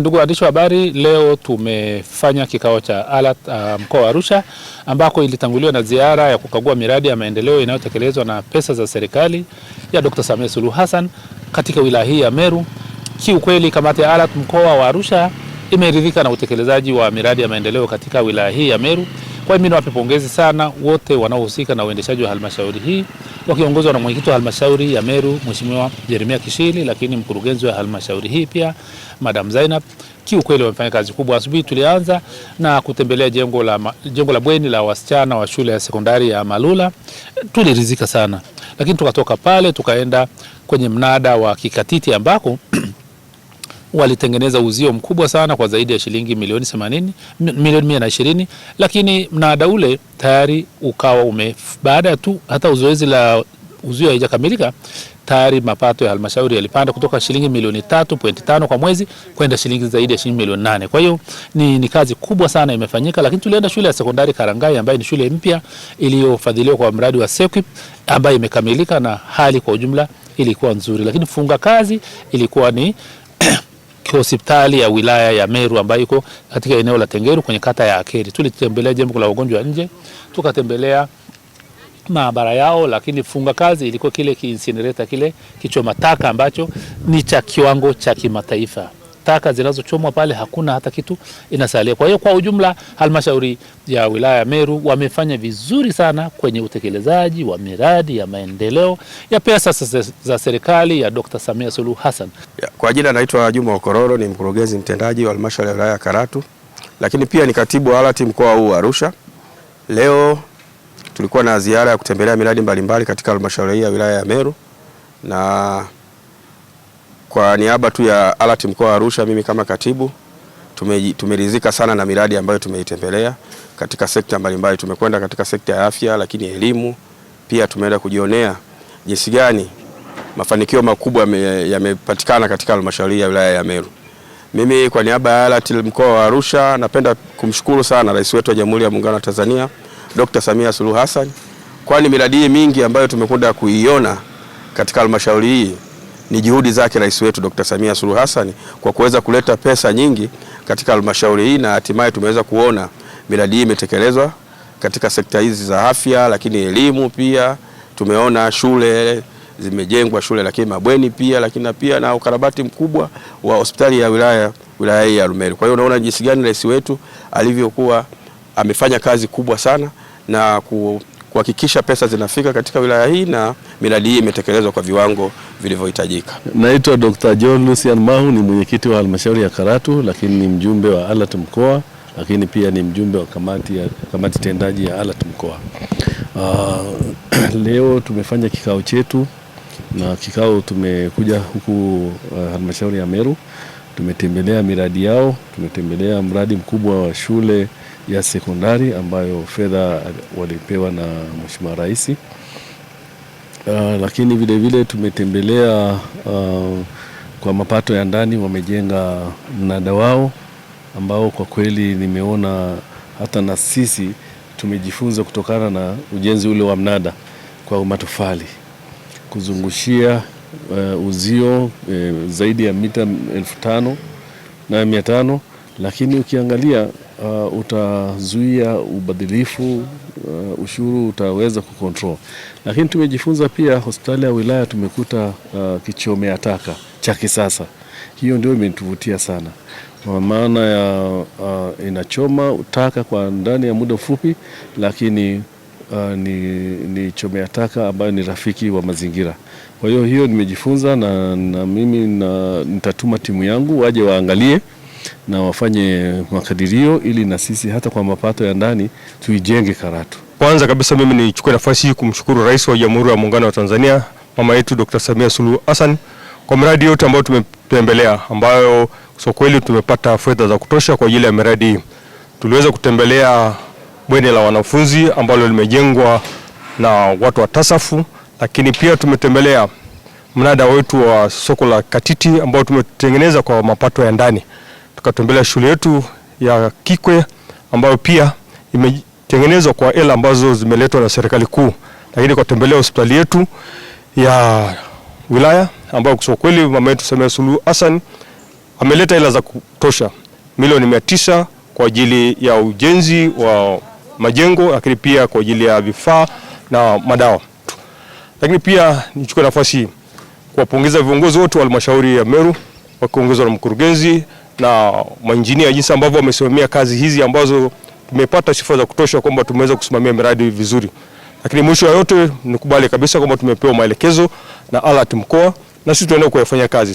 Ndugu waandishi wa habari, leo tumefanya kikao cha ALAT uh, mkoa wa Arusha ambako ilitanguliwa na ziara ya kukagua miradi ya maendeleo inayotekelezwa na pesa za serikali ya Dr. Samia Suluhu Hassan katika wilaya hii ya Meru. Kiukweli, kamati ya ALAT mkoa wa Arusha imeridhika na utekelezaji wa miradi ya maendeleo katika wilaya hii ya Meru. Kwa hiyo mimi nawape pongezi sana wote wanaohusika na uendeshaji wa halmashauri hii wakiongozwa na mwenyekiti wa halmashauri ya Meru Mheshimiwa Jeremia Kishili, lakini mkurugenzi wa halmashauri hii pia Madam Zainab. Kiukweli wamefanya kazi kubwa. Asubuhi tulianza na kutembelea jengo la, jengo la bweni la wasichana wa shule ya sekondari ya Malula, tulirizika sana, lakini tukatoka pale tukaenda kwenye mnada wa Kikatiti ambako walitengeneza uzio mkubwa sana kwa zaidi ya shilingi milioni 80 milioni 120, lakini mnada ule tayari ukawa ume baada tu hata uzoezi la uzio haijakamilika tayari mapato ya halmashauri yalipanda kutoka shilingi milioni 3.5 kwa mwezi kwenda shilingi zaidi ya shilingi milioni 8. Kwa hiyo ni, ni kazi kubwa sana imefanyika, lakini tulienda shule ya sekondari Karangai ambayo ni shule mpya iliyofadhiliwa kwa mradi wa SEQUIP ambayo imekamilika na hali kwa ujumla ilikuwa nzuri, lakini funga kazi ilikuwa ni hospitali ya wilaya ya Meru ambayo iko katika eneo la Tengeru kwenye kata ya Akeri. Tulitembelea jengo la wagonjwa nje, tukatembelea maabara yao, lakini funga kazi ilikuwa kile kiinsinereta kile kichoma taka ambacho ni cha kiwango cha kimataifa taka zinazochomwa pale, hakuna hata kitu inasalia. Kwa hiyo kwa ujumla, halmashauri ya wilaya ya Meru wamefanya vizuri sana kwenye utekelezaji wa miradi ya maendeleo ya pesa za serikali ya Dr. Samia Suluhu Hassan. Kwa jina naitwa Juma Okororo, ni mkurugenzi mtendaji wa halmashauri ya wilaya ya Karatu, lakini pia ni katibu wa alati mkoa huu wa Arusha. Leo tulikuwa na ziara ya kutembelea miradi mbalimbali katika halmashauri ya wilaya ya Meru na kwa niaba tu ya ALAT mkoa wa Arusha, mimi kama katibu tumeridhika sana na miradi ambayo tumeitembelea katika sekta mbalimbali. Tumekwenda katika sekta ya afya, lakini elimu pia tumeenda kujionea jinsi gani mafanikio makubwa yamepatikana katika halmashauri ya wilaya ya Meru. Mimi kwa niaba ya ALAT mkoa wa Arusha napenda kumshukuru sana rais wetu wa Jamhuri ya Muungano wa Tanzania Dr. Samia Suluhu Hassan, kwani miradi hii mingi ambayo tumekwenda kuiona katika halmashauri hii ni juhudi zake rais wetu Dr. Samia Suluhu Hassan kwa kuweza kuleta pesa nyingi katika halmashauri hii na hatimaye tumeweza kuona miradi hii imetekelezwa katika sekta hizi za afya, lakini elimu pia tumeona shule zimejengwa shule, lakini mabweni pia, lakini na pia na ukarabati mkubwa wa hospitali ya wilaya wilaya hii ya Arumeru. Kwa hiyo unaona jinsi gani rais wetu alivyokuwa amefanya kazi kubwa sana na ku kuhakikisha pesa zinafika katika wilaya hii na miradi hii imetekelezwa kwa viwango vilivyohitajika. Naitwa Dr. John Lucian Mahu, ni mwenyekiti wa halmashauri ya Karatu, lakini ni mjumbe wa ALAT mkoa, lakini pia ni mjumbe wa kamati, ya, kamati tendaji ya ALAT mkoa. Uh, leo tumefanya kikao chetu na kikao tumekuja huku uh, halmashauri ya Meru Tumetembelea miradi yao, tumetembelea mradi mkubwa wa shule ya sekondari ambayo fedha walipewa na Mheshimiwa Rais. Uh, lakini vilevile vile tumetembelea uh, kwa mapato ya ndani wamejenga mnada wao ambao kwa kweli nimeona hata na sisi tumejifunza kutokana na ujenzi ule wa mnada kwa matofali kuzungushia uh, uzio eh, zaidi ya mita elfu tano na mia tano lakini ukiangalia uh, utazuia ubadhilifu uh, ushuru utaweza kukontrol. Lakini tumejifunza pia hospitali ya wilaya tumekuta uh, kichomea taka cha kisasa. Hiyo ndio imetuvutia sana, kwa maana ya uh, inachoma taka kwa ndani ya muda mfupi, lakini uh, ni, ni chomea taka ambayo ni rafiki wa mazingira. Kwa hiyo hiyo nimejifunza na, na mimi na, nitatuma timu yangu waje waangalie na wafanye makadirio ili na sisi hata kwa mapato ya ndani tuijenge Karatu. Kwanza kabisa mimi nichukue nafasi hii kumshukuru Rais wa Jamhuri ya Muungano wa Tanzania mama yetu Dr. Samia Suluhu Hassan kwa miradi yote ambayo tumetembelea, ambayo kwa kweli tumepata fedha za kutosha kwa ajili ya miradi hii. Tuliweza kutembelea bweni la wanafunzi ambalo limejengwa na watu wa Tasafu, lakini pia tumetembelea mnada wetu wa soko la Katiti ambao tumetengeneza kwa mapato ya ndani. Tukatembelea shule yetu ya Kikwe ambayo pia imetengenezwa kwa hela ambazo zimeletwa na serikali kuu, lakini tembelea hospitali yetu ya wilaya ambayo kwa kweli mama yetu Samia Suluhu Hassan ameleta hela za kutosha milioni mia tisa kwa ajili ya ujenzi wa majengo, lakini pia kwa ajili ya vifaa na madawa. Lakini pia nichukue nafasi kuwapongeza viongozi wote wa halmashauri ya Meru wakiongozwa na mkurugenzi na mainjinia, jinsi ambavyo wamesimamia kazi hizi ambazo tumepata sifa za kutosha kwamba tumeweza kusimamia miradi vizuri. Lakini mwisho wa yote nikubali kabisa kwamba tumepewa maelekezo na alert mkoa na sisi tunaenda kuyafanya kazi.